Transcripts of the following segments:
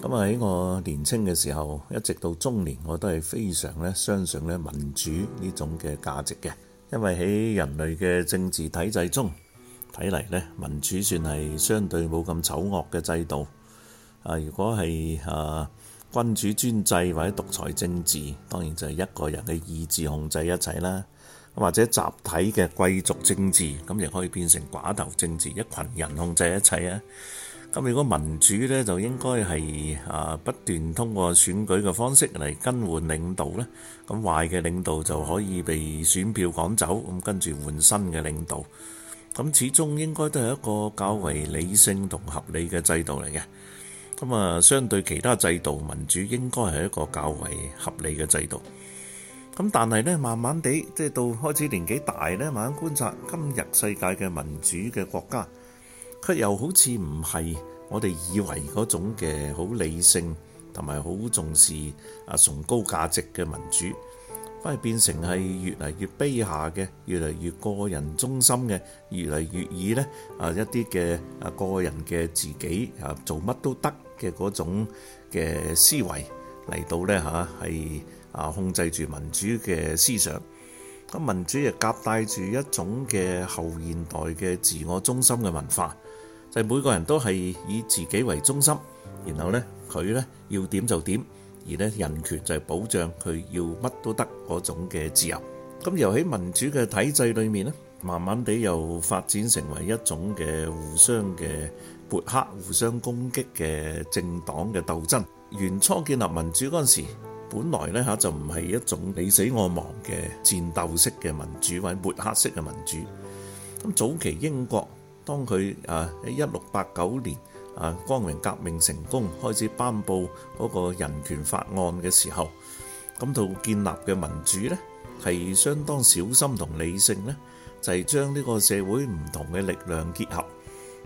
咁啊！喺我年青嘅時候，一直到中年，我都係非常咧相信咧民主呢種嘅價值嘅。因為喺人類嘅政治體制中睇嚟咧，民主算係相對冇咁醜惡嘅制度。啊，如果係啊君主專制或者獨裁政治，當然就係一個人嘅意志控制一切啦。或者集體嘅貴族政治，咁亦可以變成寡頭政治，一群人控制一切啊！咁如果民主呢，就應該係啊不斷通過選舉嘅方式嚟更換領導呢，咁壞嘅領導就可以被選票趕走，咁跟住換新嘅領導。咁始終應該都係一個較為理性同合理嘅制度嚟嘅。咁啊，相對其他制度，民主應該係一個較為合理嘅制度。咁但係呢，慢慢地，即係到開始年紀大呢，慢慢觀察今日世界嘅民主嘅國家。佢又好似唔係我哋以為嗰種嘅好理性同埋好重視啊崇高價值嘅民主，反而變成係越嚟越卑下嘅，越嚟越個人中心嘅，越嚟越以呢啊一啲嘅啊個人嘅自己啊做乜都得嘅嗰種嘅思維嚟到呢，吓係啊控制住民主嘅思想。咁民主亦夾帶住一種嘅後現代嘅自我中心嘅文化。係每個人都係以自己為中心，然後呢，佢呢，要點就點，而呢人權就係保障佢要乜都得嗰種嘅自由。咁又喺民主嘅體制裏面呢，慢慢地又發展成為一種嘅互相嘅抹黑、互相攻擊嘅政黨嘅鬥爭。原初建立民主嗰陣時，本來呢，吓就唔係一種你死我亡嘅戰鬥式嘅民主，或者抹黑式嘅民主。咁早期英國。當佢啊喺一六八九年啊，光榮革命成功，開始頒布嗰個人權法案嘅時候，咁度建立嘅民主呢，係相當小心同理性呢，就係將呢個社會唔同嘅力量結合。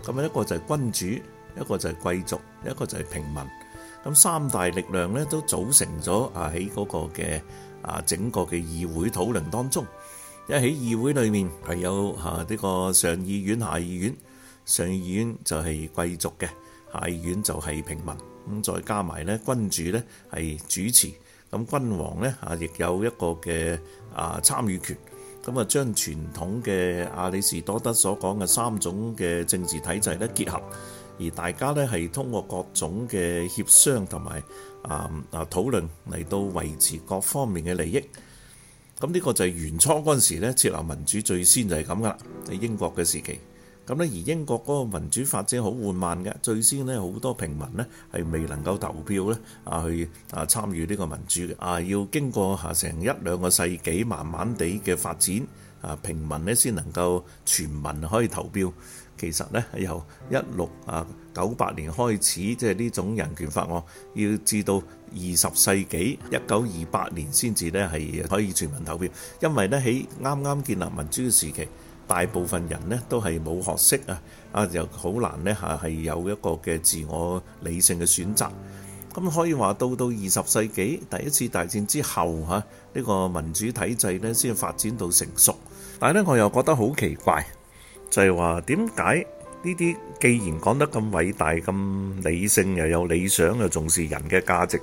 咁一個就係君主，一個就係貴族，一個就係平民。咁三大力量呢都組成咗啊，喺嗰個嘅啊整個嘅議會討論當中。一起議會裏面係有嚇呢個上議院、下議院，上議院就係貴族嘅，下議院就係平民。咁再加埋咧，君主咧係主持，咁君王咧嚇亦有一個嘅啊參與權。咁啊將傳統嘅阿里士多德所講嘅三種嘅政治體制咧結合，而大家咧係通過各種嘅協商同埋啊啊討論嚟到維持各方面嘅利益。咁呢個就係元初嗰陣時呢，設立民主最先就係咁噶啦，喺英國嘅時期。咁呢，而英國嗰個民主發展好緩慢嘅，最先呢，好多平民呢係未能夠投票呢，啊，去啊參與呢個民主嘅啊，要經過吓成一兩個世紀，慢慢地嘅發展啊，平民呢先能夠全民可以投票。其實咧，由一六啊九八年開始，即係呢種人權法案，要至到二十世紀一九二八年先至呢，係可以全民投票。因為呢，喺啱啱建立民主嘅時期，大部分人呢都係冇學識啊，啊又好難呢嚇係有一個嘅自我理性嘅選擇。咁可以話到到二十世紀第一次大戰之後嚇，呢、啊呢個民主體制呢先發展到成熟。但係呢，我又覺得好奇怪。就係話點解呢啲既然講得咁偉大、咁理性又有理想，又重視人嘅價值，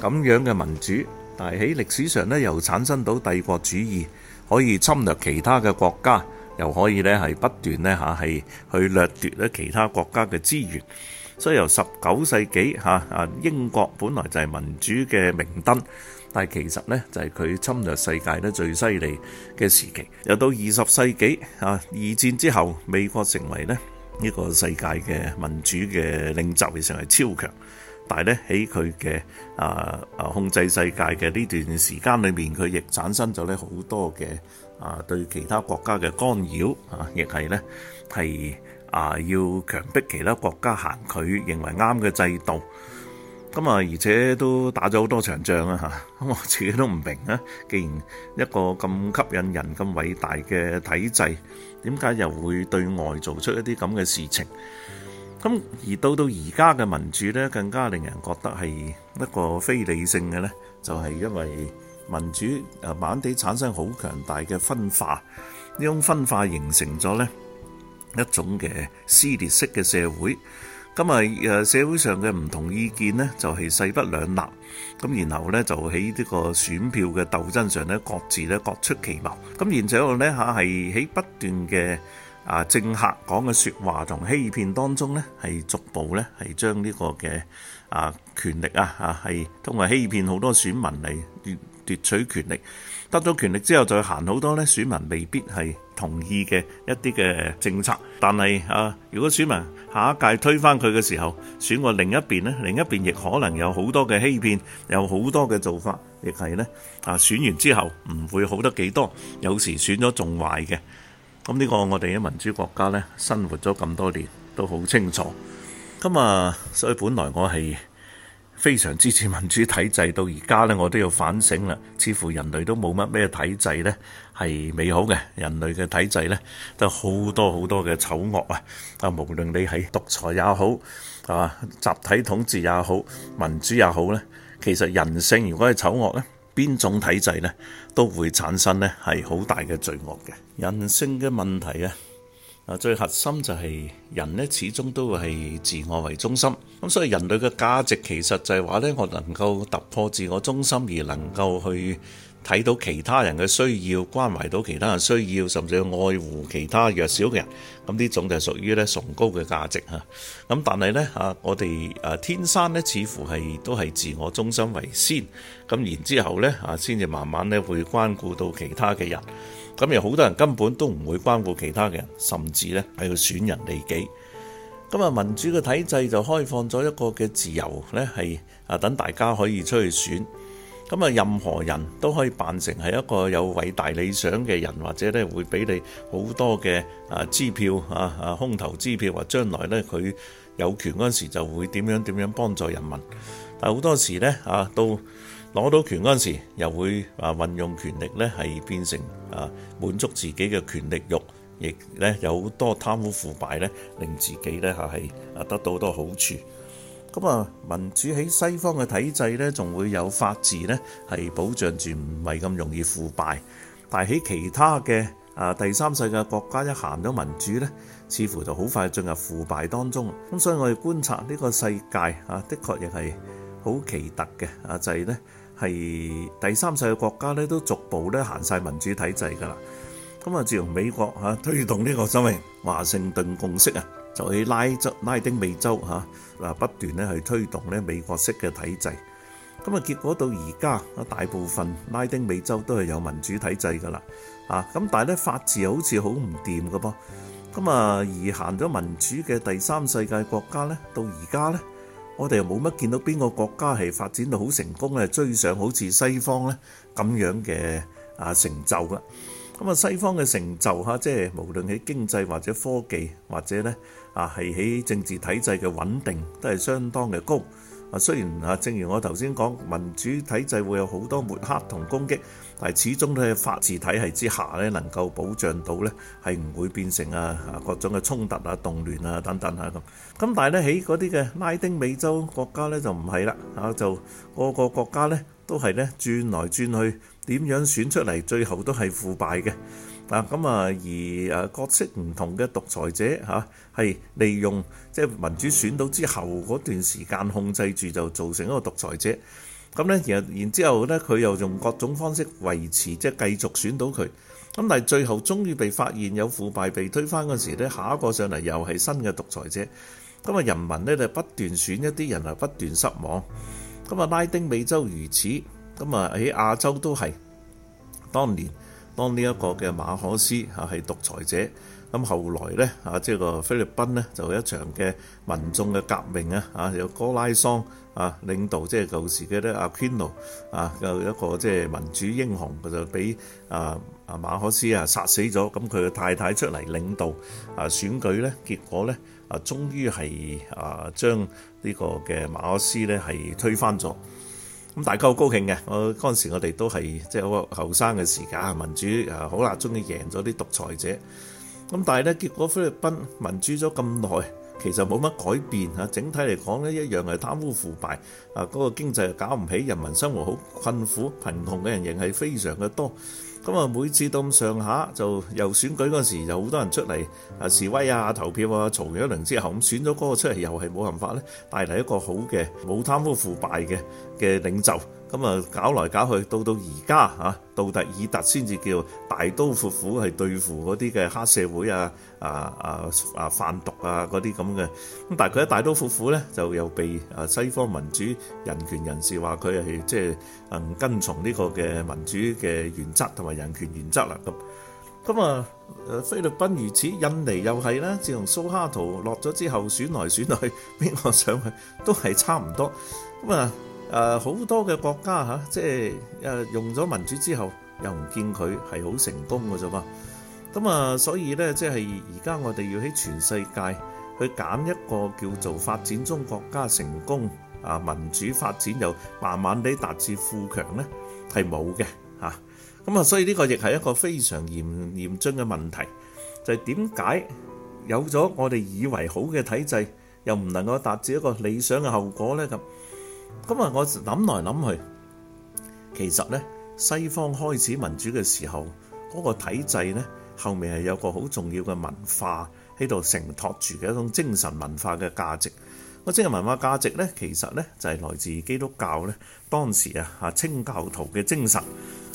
咁樣嘅民主，但係喺歷史上呢，又產生到帝國主義，可以侵略其他嘅國家，又可以呢，係不斷呢，吓係去掠奪咧其他國家嘅資源。所以由十九世紀嚇啊，英國本來就係民主嘅明燈，但係其實咧就係佢侵略世界咧最犀利嘅時期。又到二十世紀嚇，二戰之後，美國成為咧呢個世界嘅民主嘅領袖，亦成為超強。但係咧喺佢嘅啊啊控制世界嘅呢段時間裏面，佢亦產生咗咧好多嘅啊對其他國家嘅干擾啊，亦係咧係。啊！要強迫其他國家行佢認為啱嘅制度，咁啊，而且都打咗好多場仗啊！嚇，咁我自己都唔明啊。既然一個咁吸引人、咁偉大嘅體制，點解又會對外做出一啲咁嘅事情？咁而到到而家嘅民主呢，更加令人覺得係一個非理性嘅呢，就係因為民主啊，慢慢地產生好強大嘅分化，呢種分化形成咗呢。一種嘅撕裂式嘅社會，咁咪誒社會上嘅唔同意見咧，就係勢不兩立，咁然後咧就喺呢個選票嘅鬥爭上咧，各自咧各出奇謀，咁然之後咧嚇係喺不斷嘅啊政客講嘅説話同欺騙當中咧，係逐步咧係將呢個嘅啊權力啊嚇係通過欺騙好多選民嚟。奪取，取權力，得咗權力之後，再行好多呢，選民未必係同意嘅一啲嘅政策。但係啊，如果選民下一屆推翻佢嘅時候，選過另一邊，另一邊亦可能有好多嘅欺騙，有好多嘅做法，亦係呢啊，選完之後唔會好得幾多，有時選咗仲壞嘅。咁呢個我哋喺民主國家呢，生活咗咁多年都好清楚。咁啊，所以本來我係。非常支持民主體制，到而家咧，我都要反省啦。似乎人類都冇乜咩體制呢，係美好嘅，人類嘅體制呢，都好多好多嘅醜惡啊！啊，無論你係獨裁也好，啊，集體統治也好，民主也好呢，其實人性如果係醜惡呢，邊種體制呢，都會產生呢係好大嘅罪惡嘅人性嘅問題啊！最核心就係人呢，始終都係自我為中心。咁所以人類嘅價值其實就係話呢：我能夠突破自我中心，而能夠去，睇到其他人嘅需要，關懷到其他人需要，甚至要愛護其他弱小嘅人，咁呢種就係屬於崇高嘅價值嚇。咁但係呢，我哋天生呢似乎係都係自我中心為先，咁然之後呢，先至慢慢呢會關顧到其他嘅人。咁有好多人根本都唔會關顧其他嘅人，甚至呢係要損人利己。咁今日民主嘅體制就開放咗一個嘅自由呢係啊等大家可以出去選。咁啊，任何人都可以扮成係一個有偉大理想嘅人，或者咧會俾你好多嘅啊支票啊啊空頭支票，或將來咧佢有權嗰陣時就會點樣點樣幫助人民。但好多時咧啊，到攞到權嗰陣時，又會啊運用權力咧係變成啊滿足自己嘅權力欲。亦咧有好多貪污腐敗咧，令自己咧嚇係啊得到好多好處。咁啊，民主喺西方嘅體制咧，仲會有法治咧，係保障住唔係咁容易腐敗。但喺其他嘅啊第三世界國家一行咗民主咧，似乎就好快進入腐敗當中啊。咁所以我哋觀察呢個世界啊，的確亦係好奇特嘅啊，就係咧係第三世界國家咧都逐步咧行曬民主體制噶啦。咁啊，自從美國吓推動呢個所謂華盛頓共識啊。就去拉拉丁美洲嚇嗱，不斷咧去推動咧美國式嘅體制，咁啊結果到而家啊大部分拉丁美洲都係有民主體制㗎啦，啊咁但係咧法治好似好唔掂㗎噃，咁啊而行咗民主嘅第三世界國家咧，到而家咧，我哋又冇乜見到邊個國家係發展到好成功啊，追上好似西方咧咁樣嘅啊成就啦，咁啊西方嘅成就嚇，即係無論喺經濟或者科技或者咧。啊，係喺政治體制嘅穩定都係相當嘅高。啊，雖然啊，正如我頭先講，民主體制會有好多抹黑同攻擊，但係始終都係法治體系之下咧，能夠保障到咧係唔會變成啊各種嘅衝突啊、動亂啊等等吓咁。咁但係咧喺嗰啲嘅拉丁美洲國家咧就唔係啦，吓就個個國家咧都係咧轉來轉去，點樣選出嚟，最後都係腐敗嘅。啊，咁啊，而誒各式唔同嘅獨裁者嚇，係利用即係民主選到之後嗰段時間控制住，就造成一個獨裁者。咁咧，然後然之後咧，佢又用各種方式維持即係繼續選到佢。咁但係最後終於被發現有腐敗被推翻嗰時咧，下一個上嚟又係新嘅獨裁者。咁啊，人民咧就不斷選一啲人嚟不斷失望。咁啊，拉丁美洲如此，咁啊喺亞洲都係，當年。當呢一個嘅馬可斯啊係獨裁者，咁後來咧啊，即係個菲律賓咧就有一場嘅民眾嘅革命啊，啊有哥拉桑啊領導，即係舊時嘅咧阿奎諾啊，又一個即係民主英雄，佢就俾啊啊馬可斯啊殺死咗，咁佢嘅太太出嚟領導啊選舉咧，結果咧啊終於係啊將呢個嘅馬可斯咧係推翻咗。咁大家好高興嘅，我嗰陣時我哋都係即係好後生嘅時間，民主啊好喇，終於贏咗啲獨裁者。咁但係呢，結果菲律賓民主咗咁耐，其實冇乜改變嚇。整體嚟講呢，一樣係貪污腐敗啊，嗰個經濟又搞唔起，人民生活好困苦，貧窮嘅人仍係非常嘅多。咁啊，每次到咁上下就又選舉嗰時又好多人出嚟示威啊投票啊，嘈完一輪之後咁選咗嗰個出嚟，又係冇辦法咧，帶嚟一個好嘅冇貪污腐敗嘅嘅領袖。咁啊，搞來搞去，到到而家嚇，杜特爾特先至叫大刀闊斧係對付嗰啲嘅黑社會啊啊啊啊，販毒啊嗰啲咁嘅。咁但係佢一大刀闊斧咧，就又被啊西方民主人權人士話佢係即係唔跟從呢個嘅民主嘅原則同埋人權原則啦。咁咁啊，誒菲律賓如此，印尼又係啦，自從蘇哈圖落咗之後，選來選去，邊個上去都係差唔多咁啊。誒好多嘅國家嚇，即係誒用咗民主之後，又唔見佢係好成功嘅啫嘛。咁啊，所以呢，即係而家我哋要喺全世界去揀一個叫做發展中國家成功啊民主發展又慢慢地達至富強呢，係冇嘅嚇。咁啊，所以呢個亦係一個非常嚴嚴峻嘅問題，就係點解有咗我哋以為好嘅體制，又唔能夠達至一個理想嘅後果呢咁？咁我諗來諗去，其實呢，西方開始民主嘅時候，嗰個體制呢，後面係有個好重要嘅文化喺度承托住嘅一種精神文化嘅價值。個精神文化價值呢，其實呢就係來自基督教呢，當時啊清教徒嘅精神。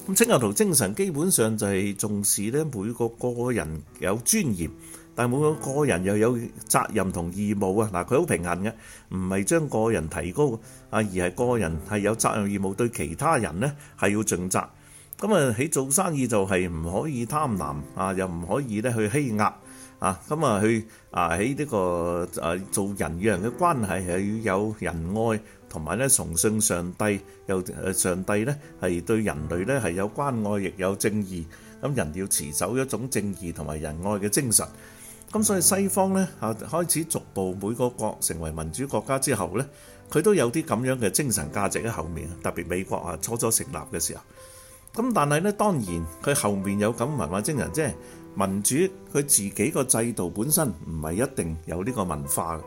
咁清教徒精神基本上就係重視呢每個個人有尊嚴。但每個個人又有責任同義務啊！嗱，佢好平衡嘅，唔係將個人提高啊，而係個人係有責任義務對其他人呢，係要盡責。咁啊喺做生意就係唔可以貪婪啊，又唔可以咧去欺壓啊。咁啊去啊喺呢個啊做人與人嘅關係係要有仁愛，同埋咧崇信上帝。又誒上帝呢係對人類呢係有關愛，亦有正義。咁人要持守一種正義同埋仁愛嘅精神。咁所以西方咧啊，開始逐步每個國成為民主國家之後咧，佢都有啲咁樣嘅精神價值喺後面啊。特別美國啊，初初成立嘅時候咁，但係咧當然佢後面有咁文化精神，即係民主佢自己個制度本身唔係一定有呢個文化嘅。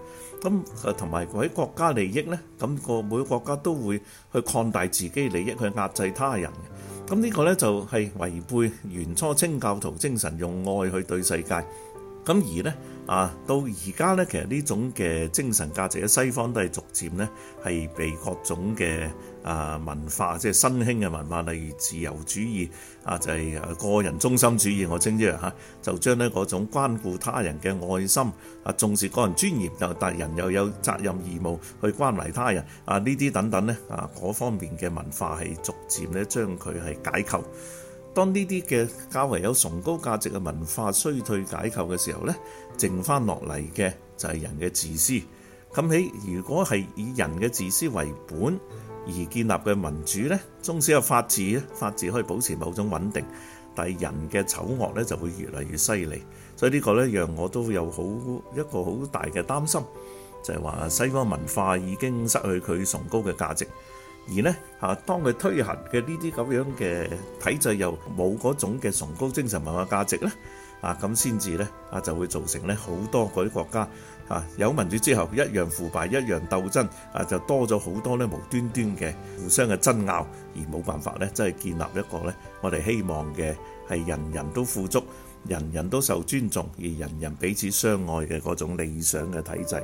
咁啊，同埋佢喺國家利益咧，咁個每個國家都會去擴大自己利益，去壓制他人嘅。咁呢個咧就係違背原初清教徒精神，用愛去對世界。咁而呢，啊，到而家呢，其實呢種嘅精神價值喺西方都係逐漸呢，係被各種嘅啊文化，即係新興嘅文化，例如自由主義啊，就係、是、個人中心主義，我稱之為嚇，就將呢嗰種關顧他人嘅愛心啊，重視個人尊嚴又但人又有責任義務去關懷他人啊，呢啲等等呢，啊，嗰方面嘅文化係逐漸呢，將佢係解構。當呢啲嘅較為有崇高價值嘅文化衰退解構嘅時候呢，剩翻落嚟嘅就係人嘅自私。咁喺如果係以人嘅自私為本而建立嘅民主呢，縱使有法治咧，法治可以保持某種穩定，但係人嘅醜惡呢就會越嚟越犀利。所以呢個呢，讓我都有好一個好大嘅擔心，就係話西方文化已經失去佢崇高嘅價值。而呢吓，當佢推行嘅呢啲咁樣嘅體制，又冇嗰種嘅崇高精神文化價值呢，啊咁先至呢啊就會造成呢好多嗰啲國家啊有民主之後一樣腐敗，一樣鬥爭啊就多咗好多呢無端端嘅互相嘅爭拗，而冇辦法呢真係建立一個呢我哋希望嘅係人人都富足、人人都受尊重而人人彼此相愛嘅嗰種理想嘅體制。